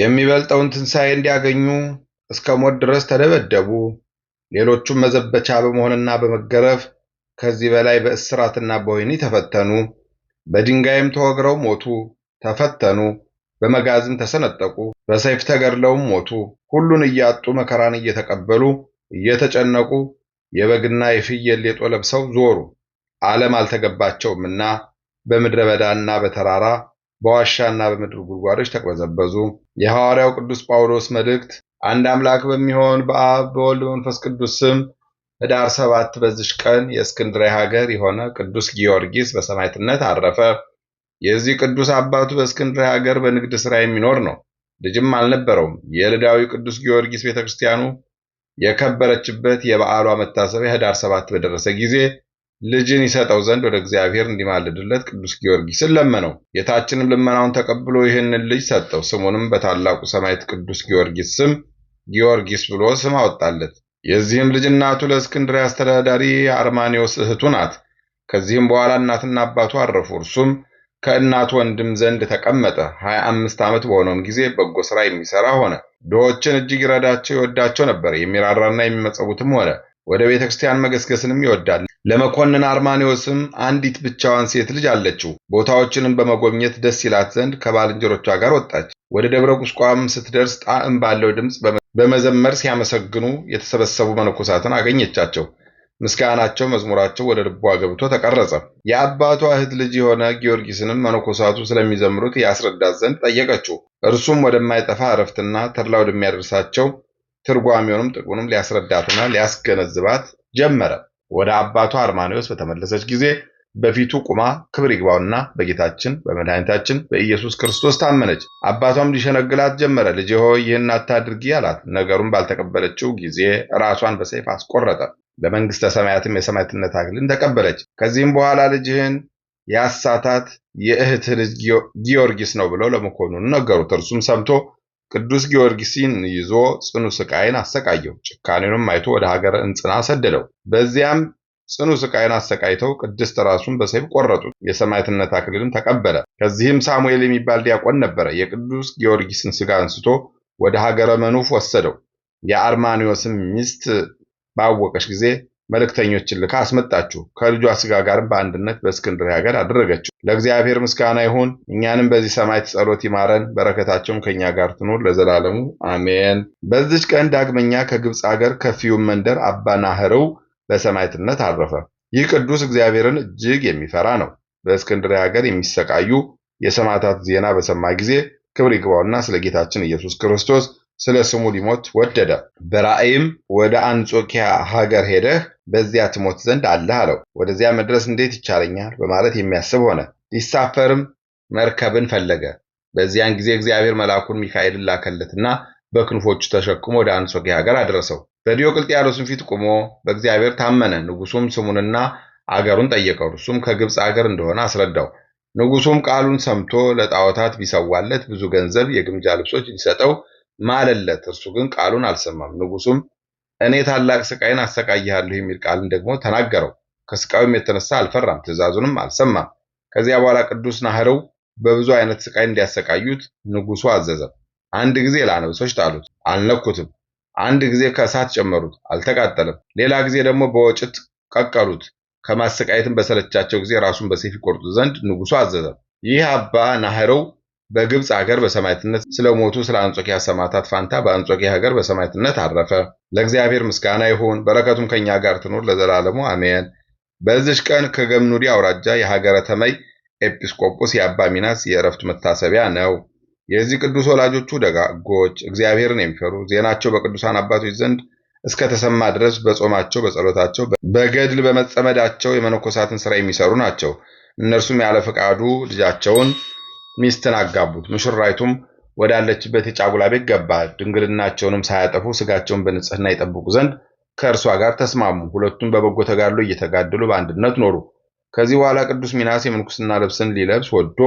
የሚበልጠውን ትንሣኤ እንዲያገኙ እስከ ሞት ድረስ ተደበደቡ። ሌሎቹም መዘበቻ በመሆንና በመገረፍ ከዚህ በላይ በእስራትና በወህኒ ተፈተኑ። በድንጋይም ተወግረው ሞቱ፣ ተፈተኑ። በመጋዝም ተሰነጠቁ፣ በሰይፍ ተገድለውም ሞቱ። ሁሉን እያጡ መከራን እየተቀበሉ እየተጨነቁ የበግና የፍየል ሌጦ ለብሰው ዞሩ። ዓለም አልተገባቸውምና በምድረ በዳና በተራራ በዋሻና በምድር ጉድጓዶች ተቅበዘበዙ። የሐዋርያው ቅዱስ ጳውሎስ መልእክት አንድ አምላክ በሚሆን በአብ በወልድ በመንፈስ ቅዱስ ስም ህዳር ሰባት በዚች ቀን የእስክንድርያ ሀገር የሆነ ቅዱስ ጊዮርጊስ በሰማዕትነት አረፈ። የዚህ ቅዱስ አባቱ በእስክንድርያ ሀገር በንግድ ሥራ የሚኖር ነው። ልጅም አልነበረውም። የልዳዊ ቅዱስ ጊዮርጊስ ቤተክርስቲያኑ የከበረችበት የበዓሏ መታሰቢያ ህዳር ሰባት በደረሰ ጊዜ ልጅን ይሰጠው ዘንድ ወደ እግዚአብሔር እንዲማልድለት ቅዱስ ጊዮርጊስን ለመነው። ጌታችንም ልመናውን ተቀብሎ ይህንን ልጅ ሰጠው። ስሙንም በታላቁ ሰማዕት ቅዱስ ጊዮርጊስ ስም ጊዮርጊስ ብሎ ስም አወጣለት። የዚህም ልጅ እናቱ ለእስክንድርያ አስተዳዳሪ አርማኔዎስ እህቱ ናት። ከዚህም በኋላ እናትና አባቱ አረፉ። እርሱም ከእናቱ ወንድም ዘንድ ተቀመጠ። ሀያ አምስት ዓመት በሆነውም ጊዜ በጎ ሥራ የሚሠራ ሆነ። ድሆችን እጅግ ይረዳቸው ይወዳቸው ነበር። የሚራራና የሚመጸውትም ሆነ። ወደ ቤተ ክርስቲያን መገስገስንም ይወዳል። ለመኮንን አርማኒዎስም አንዲት ብቻዋን ሴት ልጅ አለችው። ቦታዎችንም በመጎብኘት ደስ ይላት ዘንድ ከባልንጀሮቿ ጋር ወጣች። ወደ ደብረ ቁስቋም ስትደርስ ጣዕም ባለው ድምፅ በመዘመር ሲያመሰግኑ የተሰበሰቡ መነኮሳትን አገኘቻቸው። ምስጋናቸው፣ መዝሙራቸው ወደ ልቧ ገብቶ ተቀረጸ። የአባቷ እህት ልጅ የሆነ ጊዮርጊስንም መነኮሳቱ ስለሚዘምሩት ያስረዳት ዘንድ ጠየቀችው። እርሱም ወደማይጠፋ እረፍትና ተድላ ወደሚያደርሳቸው ትርጓሚውንም ጥቅሙንም ሊያስረዳትና ሊያስገነዝባት ጀመረ። ወደ አባቷ አርማኒዎስ በተመለሰች ጊዜ በፊቱ ቁማ ክብር ይግባውና በጌታችን በመድኃኒታችን በኢየሱስ ክርስቶስ ታመነች። አባቷም ሊሸነግላት ጀመረ። ልጄ ሆይ ይህን አታድርጊ አላት። ነገሩን ባልተቀበለችው ጊዜ ራሷን በሰይፍ አስቆረጠ። በመንግሥተ ሰማያትም የሰማዕትነት አክሊልን ተቀበለች። ከዚህም በኋላ ልጅህን ያሳታት የእህት ልጅ ጊዮርጊስ ነው ብለው ለመኮንኑ ነገሩት። እርሱም ሰምቶ ቅዱስ ጊዮርጊስን ይዞ ጽኑ ስቃይን አሰቃየው። ጭካኔውንም አይቶ ወደ ሀገረ እንጽና ሰደደው። በዚያም ጽኑ ስቃይን አሰቃይተው ቅድስት ራሱን በሰይፍ ቆረጡት። የሰማዕትነት አክሊልም ተቀበለ። ከዚህም ሳሙኤል የሚባል ዲያቆን ነበረ። የቅዱስ ጊዮርጊስን ስጋ አንስቶ ወደ ሀገረ መኑፍ ወሰደው። የአርማኒዮስም ሚስት ባወቀች ጊዜ መልእክተኞችን ልካ አስመጣችሁ። ከልጇ ስጋ ጋርም በአንድነት በእስክንድሪ ሀገር አደረገችው። ለእግዚአብሔር ምስጋና ይሁን። እኛንም በዚህ ሰማዕት ጸሎት ይማረን፣ በረከታቸውም ከእኛ ጋር ትኑር ለዘላለሙ አሜን። በዚች ቀን ዳግመኛ ከግብፅ ሀገር ከፊዩም መንደር አባ ናህርው በሰማዕትነት አረፈ። ይህ ቅዱስ እግዚአብሔርን እጅግ የሚፈራ ነው። በእስክንድርያ ሀገር የሚሰቃዩ የሰማዕታት ዜና በሰማ ጊዜ ክብር ይግባውና ስለ ጌታችን ኢየሱስ ክርስቶስ ስለ ስሙ ሊሞት ወደደ። በራእይም ወደ አንጾኪያ ሀገር ሄደህ በዚያ ትሞት ዘንድ አለህ አለው። ወደዚያ መድረስ እንዴት ይቻለኛል በማለት የሚያስብ ሆነ። ሊሳፈርም መርከብን ፈለገ። በዚያን ጊዜ እግዚአብሔር መልአኩን ሚካኤልን ላከለትና በክንፎቹ ተሸክሞ ወደ አንጾኪያ ሀገር አደረሰው። በዲዮቅልጥያኖስም ፊት ቆሞ በእግዚአብሔር ታመነ። ንጉሱም ስሙንና አገሩን ጠየቀው። እርሱም ከግብፅ አገር እንደሆነ አስረዳው። ንጉሱም ቃሉን ሰምቶ ለጣዖታት ቢሰዋለት ብዙ ገንዘብ፣ የግምጃ ልብሶች ሊሰጠው ማለለት። እርሱ ግን ቃሉን አልሰማም። ንጉሱም እኔ ታላቅ ስቃይን አሰቃይሃለሁ የሚል ቃልን ደግሞ ተናገረው። ከስቃዩም የተነሳ አልፈራም፣ ትእዛዙንም አልሰማም። ከዚያ በኋላ ቅዱስ ናህረው በብዙ አይነት ስቃይ እንዲያሰቃዩት ንጉሱ አዘዘ። አንድ ጊዜ ለአንበሶች ጣሉት፣ አልነኩትም። አንድ ጊዜ ከእሳት ጨመሩት፣ አልተቃጠለም። ሌላ ጊዜ ደግሞ በወጭት ቀቀሉት። ከማሰቃየትም በሰለቻቸው ጊዜ ራሱን በሰይፍ ይቆርጡ ዘንድ ንጉሱ አዘዘ። ይህ አባ ናህረው በግብፅ ሀገር በሰማዕትነት ስለሞቱ ስለ አንጾኪያ ሰማዕታት ፋንታ በአንጾኪያ ሀገር በሰማዕትነት አረፈ። ለእግዚአብሔር ምስጋና ይሁን፣ በረከቱም ከእኛ ጋር ትኑር ለዘላለሙ አሜን። በዚች ቀን ከገምኑዲ አውራጃ የሀገረ ተመይ ኤጲስቆጶስ የአባ ሚናስ የእረፍት መታሰቢያ ነው። የዚህ ቅዱስ ወላጆቹ ደጋጎች፣ እግዚአብሔርን የሚፈሩ ዜናቸው በቅዱሳን አባቶች ዘንድ እስከተሰማ ድረስ በጾማቸው በጸሎታቸው፣ በገድል በመጸመዳቸው የመነኮሳትን ስራ የሚሰሩ ናቸው። እነርሱም ያለ ፈቃዱ ልጃቸውን ሚስትን አጋቡት። ሙሽራይቱም ወዳለችበት የጫጉላ ቤት ገባ። ድንግልናቸውንም ሳያጠፉ ስጋቸውን በንጽህና ይጠብቁ ዘንድ ከእርሷ ጋር ተስማሙ። ሁለቱም በበጎ ተጋድሎ እየተጋደሉ በአንድነት ኖሩ። ከዚህ በኋላ ቅዱስ ሚናስ የምንኩስና ልብስን ሊለብስ ወዶ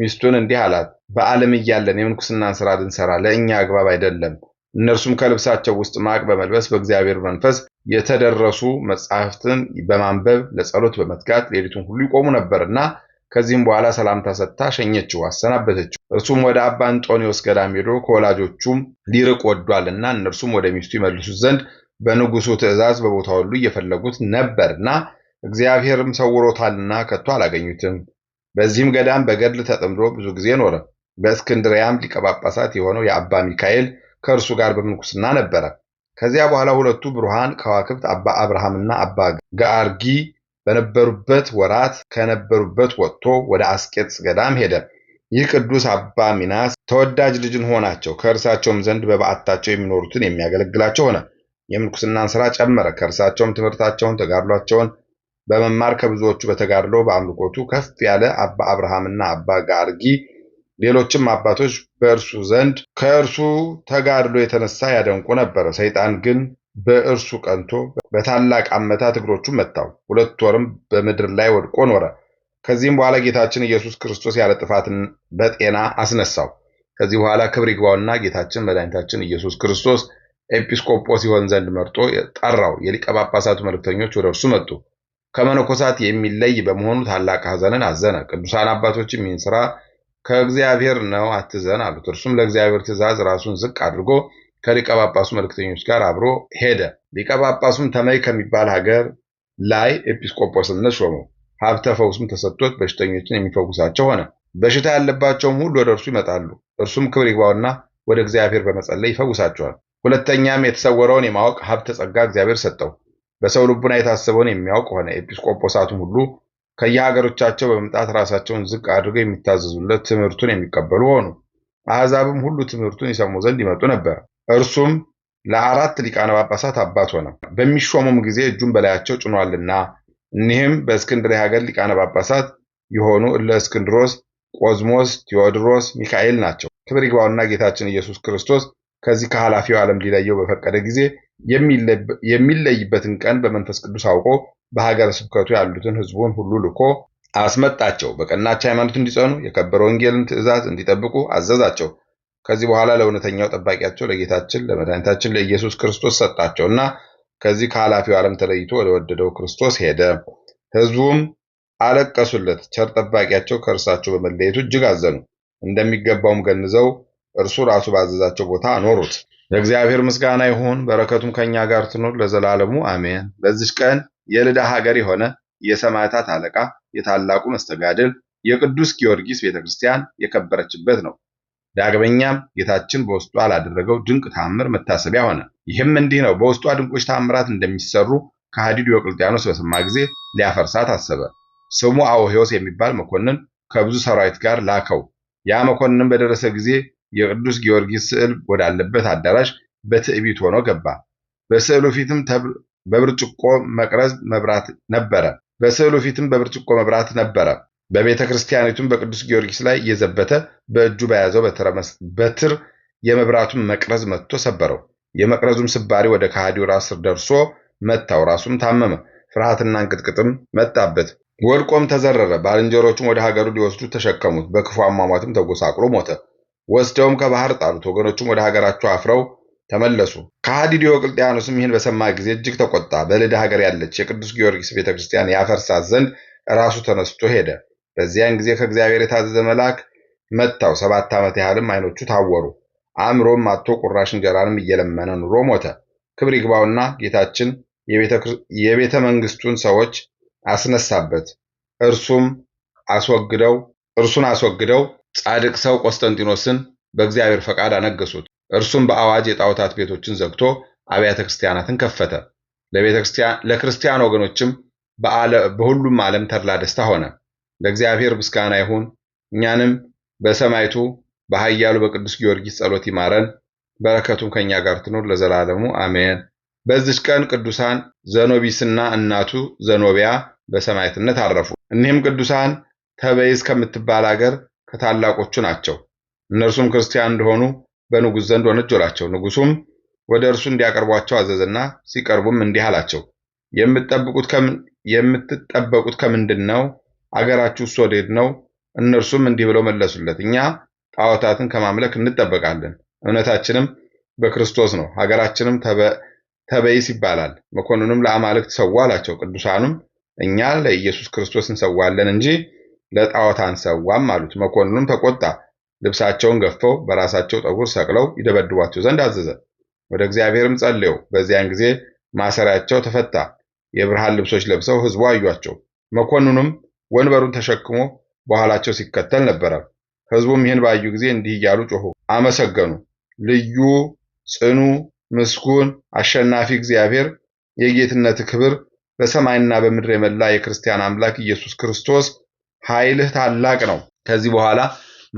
ሚስቱን እንዲህ አላት፣ በዓለም እያለን የምንኩስናን ስራ ልንሰራ ለእኛ አግባብ አይደለም። እነርሱም ከልብሳቸው ውስጥ ማቅ በመልበስ በእግዚአብሔር መንፈስ የተደረሱ መጽሐፍትን በማንበብ ለጸሎት በመትጋት ሌሊቱን ሁሉ ይቆሙ ነበርና ከዚህም በኋላ ሰላምታ ሰጥታ ሸኘችው፣ አሰናበተችው። እርሱም ወደ አባ አንጦኒዎስ ገዳም ሄዶ ከወላጆቹም ሊርቅ ወዷልና እነርሱም ወደ ሚስቱ ይመልሱት ዘንድ በንጉሱ ትእዛዝ በቦታ ሁሉ እየፈለጉት ነበርና እግዚአብሔርም ሰውሮታልና ከቶ አላገኙትም። በዚህም ገዳም በገድል ተጠምዶ ብዙ ጊዜ ኖረ። በእስክንድሪያም ሊቀ ጳጳሳት የሆነው የአባ ሚካኤል ከእርሱ ጋር በምንኩስና ነበረ። ከዚያ በኋላ ሁለቱ ብሩሃን ከዋክብት አባ አብርሃምና አባ ጋርጊ በነበሩበት ወራት ከነበሩበት ወጥቶ ወደ አስቄጥስ ገዳም ሄደ። ይህ ቅዱስ አባ ሚናስ ተወዳጅ ልጅን ሆናቸው። ከእርሳቸውም ዘንድ በበዓታቸው የሚኖሩትን የሚያገለግላቸው ሆነ። የምንኩስናን ስራ ጨመረ። ከእርሳቸውም ትምህርታቸውን፣ ተጋድሏቸውን በመማር ከብዙዎቹ በተጋድሎ በአምልኮቱ ከፍ ያለ አባ አብርሃምና አባ ጋርጊ ሌሎችም አባቶች በእርሱ ዘንድ ከእርሱ ተጋድሎ የተነሳ ያደንቁ ነበረ። ሰይጣን ግን በእርሱ ቀንቶ በታላቅ አመታት እግሮቹን መታው። ሁለት ወርም በምድር ላይ ወድቆ ኖረ። ከዚህም በኋላ ጌታችን ኢየሱስ ክርስቶስ ያለ ጥፋት በጤና አስነሳው። ከዚህ በኋላ ክብር ይግባውና ጌታችን መድኃኒታችን ኢየሱስ ክርስቶስ ኤጲስቆጶስ ይሆን ዘንድ መርጦ ጠራው። የሊቀ ጳጳሳቱ መልእክተኞች ወደ እርሱ መጡ። ከመነኮሳት የሚለይ በመሆኑ ታላቅ ሐዘንን አዘነ። ቅዱሳን አባቶችም ይህን ሥራ ከእግዚአብሔር ነው፣ አትዘን አሉት። እርሱም ለእግዚአብሔር ትእዛዝ ራሱን ዝቅ አድርጎ ከሊቀ ጳጳሱ መልክተኞች ጋር አብሮ ሄደ። ሊቀ ጳጳሱም ተመይ ከሚባል ሀገር ላይ ኤጲስቆጶስነት ሾመው። ሀብተ ፈውስም ተሰጥቶት በሽተኞችን የሚፈውሳቸው ሆነ። በሽታ ያለባቸውም ሁሉ ወደ እርሱ ይመጣሉ። እርሱም ክብር ይግባውና ወደ እግዚአብሔር በመጸለይ ይፈውሳቸዋል። ሁለተኛም የተሰወረውን የማወቅ ሀብተ ጸጋ እግዚአብሔር ሰጠው። በሰው ልቡና የታሰበውን የሚያውቅ ሆነ። ኤጲስቆጶሳቱም ሁሉ ከየሀገሮቻቸው በመምጣት ራሳቸውን ዝቅ አድርገው የሚታዘዙለት ትምህርቱን የሚቀበሉ ሆኑ። አሕዛብም ሁሉ ትምህርቱን ይሰሙ ዘንድ ይመጡ ነበር። እርሱም ለአራት ሊቃነ ጳጳሳት አባት ሆነ። በሚሾሙም ጊዜ እጁን በላያቸው ጭኗልና። እኒህም በእስክንድርያ ሀገር ሊቃነ ጳጳሳት የሆኑ እለ እስክንድሮስ፣ ቆዝሞስ፣ ቴዎድሮስ፣ ሚካኤል ናቸው። ክብር ይግባውና ጌታችን ኢየሱስ ክርስቶስ ከዚህ ከኃላፊው ዓለም ሊለየው በፈቀደ ጊዜ የሚለይበትን ቀን በመንፈስ ቅዱስ አውቆ በሀገረ ስብከቱ ያሉትን ሕዝቡን ሁሉ ልኮ አስመጣቸው። በቀናች ሃይማኖት እንዲጸኑ የከበረ ወንጌልን ትእዛዝ እንዲጠብቁ አዘዛቸው። ከዚህ በኋላ ለእውነተኛው ጠባቂያቸው ለጌታችን ለመድኃኒታችን ለኢየሱስ ክርስቶስ ሰጣቸው እና ከዚህ ከኃላፊው ዓለም ተለይቶ ወደ ወደደው ክርስቶስ ሄደ። ሕዝቡም አለቀሱለት። ቸር ጠባቂያቸው ከእርሳቸው በመለየቱ እጅግ አዘኑ። እንደሚገባውም ገንዘው እርሱ ራሱ ባዘዛቸው ቦታ አኖሩት። ለእግዚአብሔር ምስጋና ይሁን፣ በረከቱም ከእኛ ጋር ትኖር ለዘላለሙ አሜን። በዚች ቀን የልዳ ሀገር የሆነ የሰማዕታት አለቃ የታላቁ መስተጋድል የቅዱስ ጊዮርጊስ ቤተክርስቲያን የከበረችበት ነው። ዳግመኛም ጌታችን በውስጧ ላደረገው ድንቅ ተአምር መታሰቢያ ሆነ። ይህም እንዲህ ነው። በውስጧ ድንቆች ተአምራት እንደሚሰሩ ከሃዲው ዲዮቅልጥያኖስ በሰማ ጊዜ ሊያፈርሳት አሰበ። ስሙ አውሄዎስ የሚባል መኮንን ከብዙ ሰራዊት ጋር ላከው። ያ መኮንንም በደረሰ ጊዜ የቅዱስ ጊዮርጊስ ስዕል ወዳለበት አዳራሽ በትዕቢት ሆኖ ገባ። በስዕሉ ፊትም በብርጭቆ መቅረዝ መብራት ነበረ። በስዕሉ ፊትም በብርጭቆ መብራት ነበረ። በቤተ ክርስቲያኒቱም በቅዱስ ጊዮርጊስ ላይ እየዘበተ በእጁ በያዘው በትር የመብራቱን መቅረዝ መጥቶ ሰበረው። የመቅረዙም ስባሪ ወደ ከሃዲው ራስ ደርሶ መታው። ራሱም ታመመ፣ ፍርሃትና እንቅጥቅጥም መጣበት። ወድቆም ተዘረረ። ባልንጀሮቹም ወደ ሀገሩ ሊወስዱ ተሸከሙት። በክፉ አሟሟትም ተጎሳቅሎ ሞተ። ወስደውም ከባህር ጣሉት። ወገኖቹም ወደ ሀገራቸው አፍረው ተመለሱ። ከሃዲ ዲዮቅልጥያኖስም ይህን በሰማ ጊዜ እጅግ ተቆጣ። በልዳ ሀገር ያለች የቅዱስ ጊዮርጊስ ቤተክርስቲያን ያፈርሳት ዘንድ ራሱ ተነስቶ ሄደ። በዚያን ጊዜ ከእግዚአብሔር የታዘዘ መልአክ መታው። ሰባት ዓመት ያህልም ዓይኖቹ ታወሩ፣ አእምሮም አጥቶ ቁራሽ እንጀራንም እየለመነ ኑሮ ሞተ። ክብር ይግባውና ጌታችን የቤተ መንግስቱን ሰዎች አስነሳበት። እርሱም አስወግደው እርሱን አስወግደው ጻድቅ ሰው ቆስጠንጢኖስን በእግዚአብሔር ፈቃድ አነገሱት። እርሱም በአዋጅ የጣዖታት ቤቶችን ዘግቶ አብያተ ክርስቲያናትን ከፈተ። ለክርስቲያን ወገኖችም በሁሉም ዓለም ተድላ ደስታ ሆነ። ለእግዚአብሔር ምስጋና ይሁን። እኛንም በሰማይቱ በኃያሉ በቅዱስ ጊዮርጊስ ጸሎት ይማረን፣ በረከቱም ከእኛ ጋር ትኖር ለዘላለሙ አሜን። በዚች ቀን ቅዱሳን ዘኖቢስና እናቱ ዘኖቢያ በሰማዕትነት አረፉ። እኒህም ቅዱሳን ተበይዝ ከምትባል አገር ከታላቆቹ ናቸው። እነርሱም ክርስቲያን እንደሆኑ በንጉሥ ዘንድ ወነጀሏቸው። ንጉሡም ወደ እርሱ እንዲያቀርቧቸው አዘዘና ሲቀርቡም እንዲህ አላቸው፣ የምትጠበቁት ከምንድን ነው? አገራችሁ እሱ ወዴት ነው? እነርሱም እንዲህ ብለው መለሱለት፣ እኛ ጣዖታትን ከማምለክ እንጠበቃለን፣ እምነታችንም በክርስቶስ ነው። ሀገራችንም ተበይስ ይባላል። መኮንኑም ለአማልክት ሰዋ አላቸው። ቅዱሳኑም እኛ ለኢየሱስ ክርስቶስ እንሰዋለን እንጂ ለጣዖት አንሰዋም አሉት። መኮንኑም ተቆጣ። ልብሳቸውን ገፈው በራሳቸው ጠጉር ሰቅለው ይደበድቧቸው ዘንድ አዘዘ። ወደ እግዚአብሔርም ጸለዩ። በዚያን ጊዜ ማሰሪያቸው ተፈታ። የብርሃን ልብሶች ለብሰው ሕዝቡ አዩአቸው። መኮንኑም ወንበሩን ተሸክሞ በኋላቸው ሲከተል ነበረ። ሕዝቡም ይህን ባዩ ጊዜ እንዲህ እያሉ ጮኹ፣ አመሰገኑ። ልዩ ጽኑ፣ ምስጉን፣ አሸናፊ እግዚአብሔር የጌትነት ክብር በሰማይና በምድር የመላ የክርስቲያን አምላክ ኢየሱስ ክርስቶስ ኃይልህ ታላቅ ነው። ከዚህ በኋላ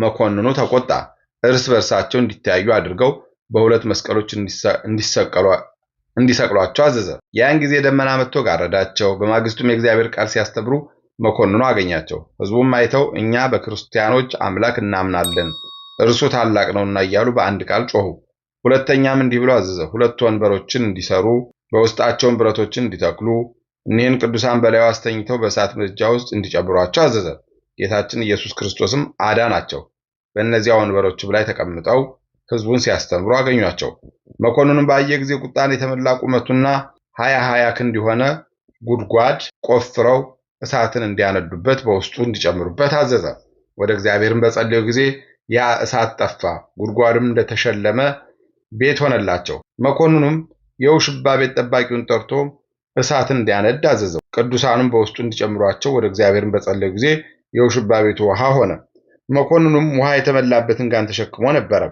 መኮንኑ ተቆጣ። እርስ በርሳቸው እንዲተያዩ አድርገው በሁለት መስቀሎች እንዲሰቅሏቸው አዘዘ። ያን ጊዜ ደመና መጥቶ ጋረዳቸው። በማግስቱም የእግዚአብሔር ቃል ሲያስተብሩ መኮንኑ አገኛቸው። ህዝቡም አይተው እኛ በክርስቲያኖች አምላክ እናምናለን እርሱ ታላቅ ነውና እያሉ በአንድ ቃል ጮኹ። ሁለተኛም እንዲህ ብሎ አዘዘ። ሁለት ወንበሮችን እንዲሰሩ በውስጣቸውም ብረቶችን እንዲተክሉ እኒህን ቅዱሳን በላዩ አስተኝተው በእሳት ምድጃ ውስጥ እንዲጨምሯቸው አዘዘ። ጌታችን ኢየሱስ ክርስቶስም አዳናቸው። በእነዚያ ወንበሮችም ላይ ተቀምጠው ህዝቡን ሲያስተምሩ አገኟቸው። መኮንኑም ባየ ጊዜ ቁጣን የተመላ ቁመቱና ሀያ ሀያ ክንድ የሆነ ጉድጓድ ቆፍረው እሳትን እንዲያነዱበት በውስጡ እንዲጨምሩበት አዘዘ። ወደ እግዚአብሔርም በጸለዩ ጊዜ ያ እሳት ጠፋ፣ ጉድጓድም እንደተሸለመ ቤት ሆነላቸው። መኮንኑም የውሽባ ቤት ጠባቂውን ጠርቶ እሳትን እንዲያነድ አዘዘው። ቅዱሳኑም በውስጡ እንዲጨምሯቸው ወደ እግዚአብሔርም በጸለዩ ጊዜ የውሽባ ቤቱ ውሃ ሆነ። መኮንኑም ውሃ የተመላበትን ጋን ተሸክሞ ነበረ።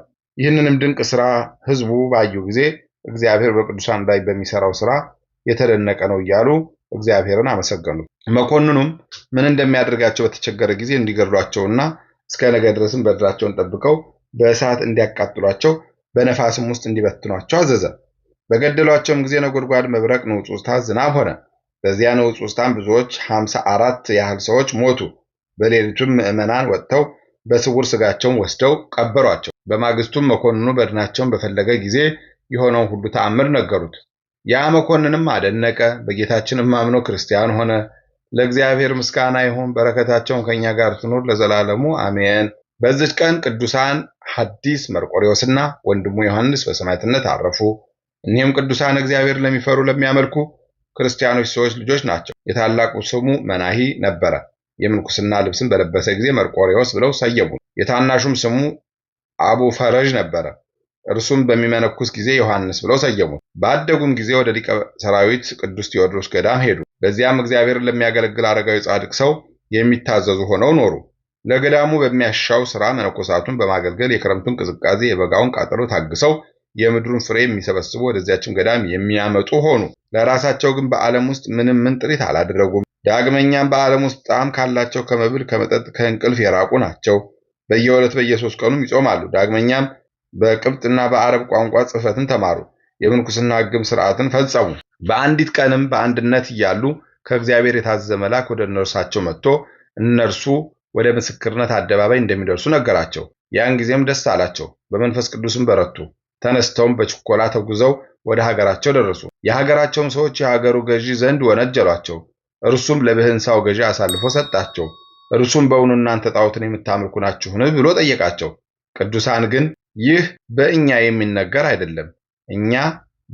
ይህንንም ድንቅ ስራ ህዝቡ ባዩ ጊዜ እግዚአብሔር በቅዱሳን ላይ በሚሰራው ስራ የተደነቀ ነው እያሉ እግዚአብሔርን አመሰገኑ። መኮንኑም ምን እንደሚያደርጋቸው በተቸገረ ጊዜ እንዲገድሏቸውና እስከ ነገ ድረስም በድራቸውን ጠብቀው በእሳት እንዲያቃጥሏቸው በነፋስም ውስጥ እንዲበትኗቸው አዘዘ። በገደሏቸውም ጊዜ ነጎድጓድ፣ መብረቅ፣ ንውጽውጽታ፣ ዝናብ ሆነ። በዚያ ውስታም ብዙዎች ሀምሳ አራት ያህል ሰዎች ሞቱ። በሌሊቱም ምዕመናን ወጥተው በስውር ስጋቸውን ወስደው ቀበሯቸው። በማግስቱም መኮንኑ በድናቸውን በፈለገ ጊዜ የሆነውን ሁሉ ተአምር ነገሩት። ያ መኮንንም አደነቀ፣ በጌታችንም አምኖ ክርስቲያን ሆነ። ለእግዚአብሔር ምስጋና ይሁን፣ በረከታቸውን ከኛ ጋር ትኑር ለዘላለሙ አሜን። በዚች ቀን ቅዱሳን ሐዲስ መርቆሬዎስና ወንድሙ ዮሐንስ በሰማዕትነት አረፉ። እኒህም ቅዱሳን እግዚአብሔር ለሚፈሩ ለሚያመልኩ ክርስቲያኖች ሰዎች ልጆች ናቸው። የታላቁ ስሙ መናሂ ነበረ። የምንኩስና ልብስን በለበሰ ጊዜ መርቆሬዎስ ብለው ሰየሙ የታናሹም ስሙ አቡ ፈረዥ ነበረ። እርሱም በሚመነኩስ ጊዜ ዮሐንስ ብለው ሰየሙት። ባደጉም ጊዜ ወደ ሊቀ ሰራዊት ቅዱስ ቴዎድሮስ ገዳም ሄዱ። በዚያም እግዚአብሔር ለሚያገለግል አረጋዊ ጻድቅ ሰው የሚታዘዙ ሆነው ኖሩ። ለገዳሙ በሚያሻው ሥራ መነኮሳቱን በማገልገል የክረምቱን ቅዝቃዜ፣ የበጋውን ቃጠሎ ታግሰው የምድሩን ፍሬ የሚሰበስቡ ወደዚያችን ገዳም የሚያመጡ ሆኑ። ለራሳቸው ግን በዓለም ውስጥ ምንም ምን ጥሪት አላደረጉም። ዳግመኛም በዓለም ውስጥ ጣዕም ካላቸው ከመብል፣ ከመጠጥ፣ ከእንቅልፍ የራቁ ናቸው። በየሁለት በየሶስት ቀኑም ይጾማሉ። ዳግመኛም በቅብጥና በአረብ ቋንቋ ጽሕፈትን ተማሩ፣ የምንኩስና ግም ስርዓትን ፈጸሙ። በአንዲት ቀንም በአንድነት እያሉ ከእግዚአብሔር የታዘዘ መልአክ ወደ እነርሳቸው መጥቶ እነርሱ ወደ ምስክርነት አደባባይ እንደሚደርሱ ነገራቸው። ያን ጊዜም ደስ አላቸው፣ በመንፈስ ቅዱስም በረቱ። ተነስተውም በችኮላ ተጉዘው ወደ ሀገራቸው ደረሱ። የሀገራቸውም ሰዎች የሀገሩ ገዢ ዘንድ ወነጀሏቸው። እርሱም ለብህንሳው ገዢ አሳልፎ ሰጣቸው። እርሱም በእውኑ እናንተ ጣዖትን የምታመልኩ ናችሁን? ብሎ ጠየቃቸው። ቅዱሳን ግን ይህ በእኛ የሚነገር አይደለም። እኛ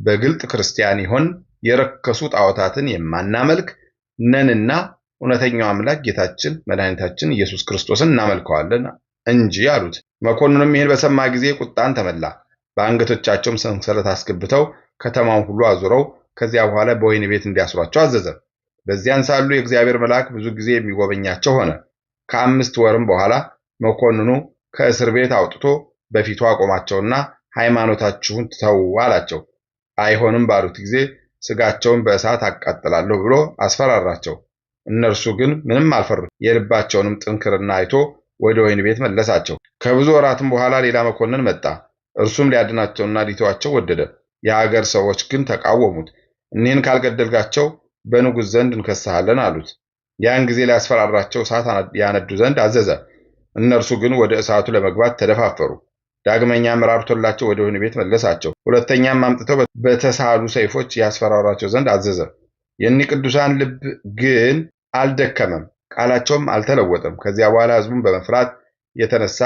በግልጥ ክርስቲያን ይሆን የረከሱ ጣዖታትን የማናመልክ ነንና እውነተኛው አምላክ ጌታችን መድኃኒታችን ኢየሱስ ክርስቶስን እናመልከዋለን እንጂ አሉት። መኮንኑም ይህን በሰማ ጊዜ ቁጣን ተመላ። በአንገቶቻቸውም ሰንሰለት አስገብተው ከተማውን ሁሉ አዙረው ከዚያ በኋላ በወይን ቤት እንዲያስሯቸው አዘዘ። በዚያን ሳሉ የእግዚአብሔር መልአክ ብዙ ጊዜ የሚጎበኛቸው ሆነ። ከአምስት ወርም በኋላ መኮንኑ ከእስር ቤት አውጥቶ በፊቱ አቆማቸውና ሃይማኖታችሁን ተዉ አላቸው። አይሆንም ባሉት ጊዜ ስጋቸውን በእሳት አቃጥላለሁ ብሎ አስፈራራቸው። እነርሱ ግን ምንም አልፈሩ የልባቸውንም ጥንክርና አይቶ ወደ ወይን ቤት መለሳቸው። ከብዙ ወራትም በኋላ ሌላ መኮንን መጣ። እርሱም ሊያድናቸውና ሊተዋቸው ወደደ። የሀገር ሰዎች ግን ተቃወሙት። እኒህን ካልገደልጋቸው በንጉሥ ዘንድ እንከሳሃለን አሉት። ያን ጊዜ ሊያስፈራራቸው እሳት ያነዱ ዘንድ አዘዘ። እነርሱ ግን ወደ እሳቱ ለመግባት ተደፋፈሩ። ዳግመኛ ራብቶላቸው ወደ ወህኒ ቤት መለሳቸው። ሁለተኛም አምጥተው በተሳሉ ሰይፎች ያስፈራሯቸው ዘንድ አዘዘ። የእኒህ ቅዱሳን ልብ ግን አልደከመም፣ ቃላቸውም አልተለወጠም። ከዚያ በኋላ ህዝቡን በመፍራት የተነሳ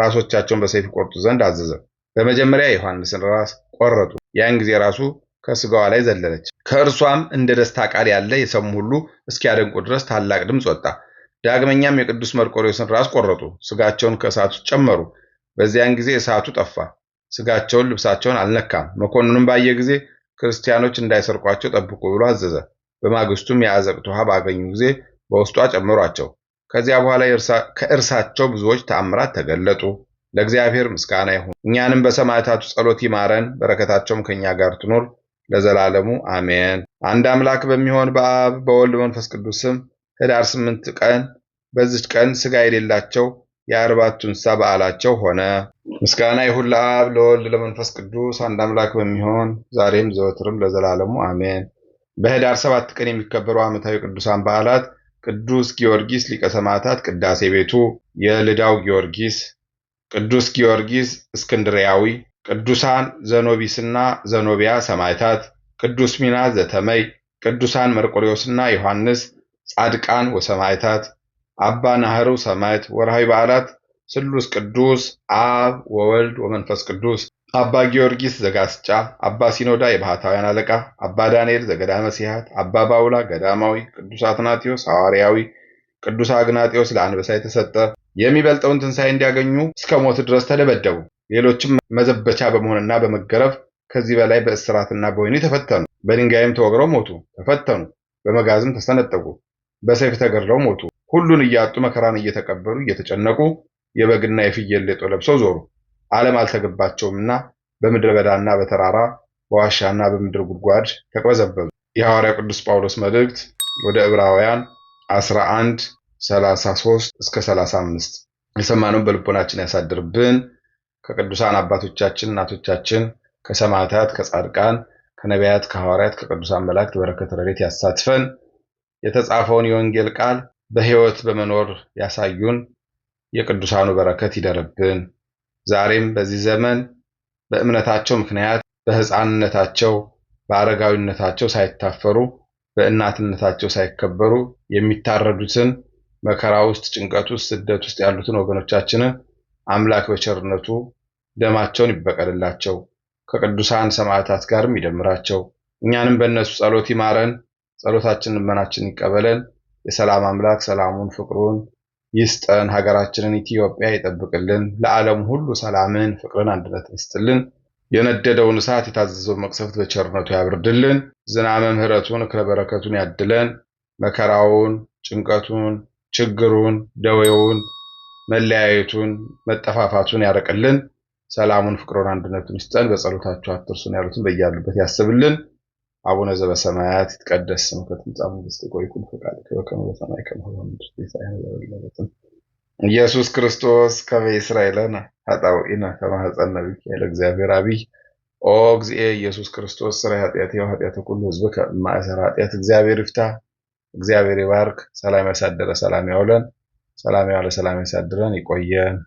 ራሶቻቸውን በሰይፍ ቆርጡ ዘንድ አዘዘ። በመጀመሪያ የዮሐንስን ራስ ቆረጡ። ያን ጊዜ ራሱ ከስጋዋ ላይ ዘለለች። ከእርሷም እንደ ደስታ ቃል ያለ የሰሙ ሁሉ እስኪያደንቁ ድረስ ታላቅ ድምፅ ወጣ። ዳግመኛም የቅዱስ መርቆሬዎስን ራስ ቆረጡ፣ ስጋቸውን ከእሳት ውስጥ ጨመሩ። በዚያን ጊዜ እሳቱ ጠፋ፣ ስጋቸውን ልብሳቸውን አልነካም። መኮንኑም ባየ ጊዜ ክርስቲያኖች እንዳይሰርቋቸው ጠብቁ ብሎ አዘዘ። በማግስቱም የአዘቅት ውሃ ባገኙ ጊዜ በውስጧ ጨምሯቸው። ከዚያ በኋላ ከእርሳቸው ብዙዎች ተአምራት ተገለጡ። ለእግዚአብሔር ምስጋና ይሁን። እኛንም በሰማዕታቱ ጸሎት ይማረን፣ በረከታቸውም ከእኛ ጋር ትኖር ለዘላለሙ አሜን። አንድ አምላክ በሚሆን በአብ በወልድ መንፈስ ቅዱስ ስም ህዳር ስምንት ቀን በዚች ቀን ሥጋ የሌላቸው የአርባቱ እንስሳ በዓላቸው ሆነ። ምስጋና ይሁን ለአብ ለወልድ ለመንፈስ ቅዱስ አንድ አምላክ በሚሆን ዛሬም ዘወትርም ለዘላለሙ አሜን። በህዳር ሰባት ቀን የሚከበሩ ዓመታዊ ቅዱሳን በዓላት ቅዱስ ጊዮርጊስ ሊቀ ሰማዕታት ቅዳሴ ቤቱ፣ የልዳው ጊዮርጊስ፣ ቅዱስ ጊዮርጊስ እስክንድሪያዊ፣ ቅዱሳን ዘኖቢስና ዘኖቢያ ሰማዕታት፣ ቅዱስ ሚናስ ዘተመይ፣ ቅዱሳን መርቆሪዎስና ዮሐንስ ጻድቃን ወሰማዕታት አባ ናህሩ ሰማዕት። ወርሃዊ በዓላት ስሉስ ቅዱስ አብ ወወልድ ወመንፈስ ቅዱስ፣ አባ ጊዮርጊስ ዘጋስጫ፣ አባ ሲኖዳ የባህታውያን አለቃ፣ አባ ዳንኤል ዘገዳመ ሲያት አባ ባውላ ገዳማዊ፣ ቅዱስ አትናቴዎስ ሐዋርያዊ፣ ቅዱስ አግናጤዎስ ለአንበሳ የተሰጠ የሚበልጠውን ትንሣኤ እንዲያገኙ እስከ ሞት ድረስ ተደበደቡ። ሌሎችም መዘበቻ በመሆንና በመገረፍ ከዚህ በላይ በእስራትና በወህኒ ተፈተኑ። በድንጋይም ተወግረው ሞቱ፣ ተፈተኑ። በመጋዝም ተሰነጠቁ፣ በሰይፍ ተገድለው ሞቱ። ሁሉን እያጡ መከራን እየተቀበሉ እየተጨነቁ የበግና የፍየል ሌጦ ለብሰው ዞሩ። ዓለም አልተገባቸውምና በምድረ በዳና በተራራ በዋሻና በምድር ጉድጓድ ተቅበዘበዙ። የሐዋርያ ቅዱስ ጳውሎስ መልእክት ወደ ዕብራውያን 11 33 እስከ 35። የሰማነውን በልቦናችን ያሳድርብን። ከቅዱሳን አባቶቻችን እናቶቻችን፣ ከሰማዕታት፣ ከጻድቃን፣ ከነቢያት፣ ከሐዋርያት፣ ከቅዱሳን መላእክት በረከት ረድኤት ያሳትፈን። የተጻፈውን የወንጌል ቃል በሕይወት በመኖር ያሳዩን የቅዱሳኑ በረከት ይደርብን። ዛሬም በዚህ ዘመን በእምነታቸው ምክንያት በሕፃንነታቸው በአረጋዊነታቸው ሳይታፈሩ በእናትነታቸው ሳይከበሩ የሚታረዱትን መከራ ውስጥ፣ ጭንቀት ውስጥ፣ ስደት ውስጥ ያሉትን ወገኖቻችንን አምላክ በቸርነቱ ደማቸውን ይበቀልላቸው ከቅዱሳን ሰማዕታት ጋርም ይደምራቸው። እኛንም በእነሱ ጸሎት ይማረን። ጸሎታችንን ልመናችንን ይቀበለን። የሰላም አምላክ ሰላሙን ፍቅሩን ይስጠን። ሀገራችንን ኢትዮጵያ ይጠብቅልን። ለዓለም ሁሉ ሰላምን፣ ፍቅርን፣ አንድነትን ይስጥልን። የነደደውን እሳት የታዘዘውን መቅሰፍት በቸርነቱ ያብርድልን። ዝናመ ምሕረቱን እክለ በረከቱን ያድለን። መከራውን፣ ጭንቀቱን፣ ችግሩን፣ ደዌውን፣ መለያየቱን፣ መጠፋፋቱን ያርቅልን። ሰላሙን፣ ፍቅሩን፣ አንድነቱን ይስጠን። በጸሎታቸው አትርሱን ያሉትን በያሉበት ያስብልን። አቡነ ዘበሰማያት ይትቀደስ ስምከ ትምጻእ መንግሥትከ ወይኩን ፈቃድከ በከመ በሰማይ ከማሁ በምድር ሲሳየነ ዘለለዕለትነ ኢየሱስ ክርስቶስ ከመ ይሥረይለነ ኃጣውኢነ ከመ ኀፀነ ብእኪለ እግዚአብሔር አብይ ኦ እግዚእየ ኢየሱስ ክርስቶስ ሥራይ ኃጢአትየ ወኃጢአተ ኩሉ ህዝብ ከማእሰር ኃጢአት እግዚአብሔር ይፍታ። እግዚአብሔር ይባርክ። ሰላም ያሳደረ ሰላም ያውለን፣ ሰላም ያዋለ ሰላም ያሳድረን። ይቆየን።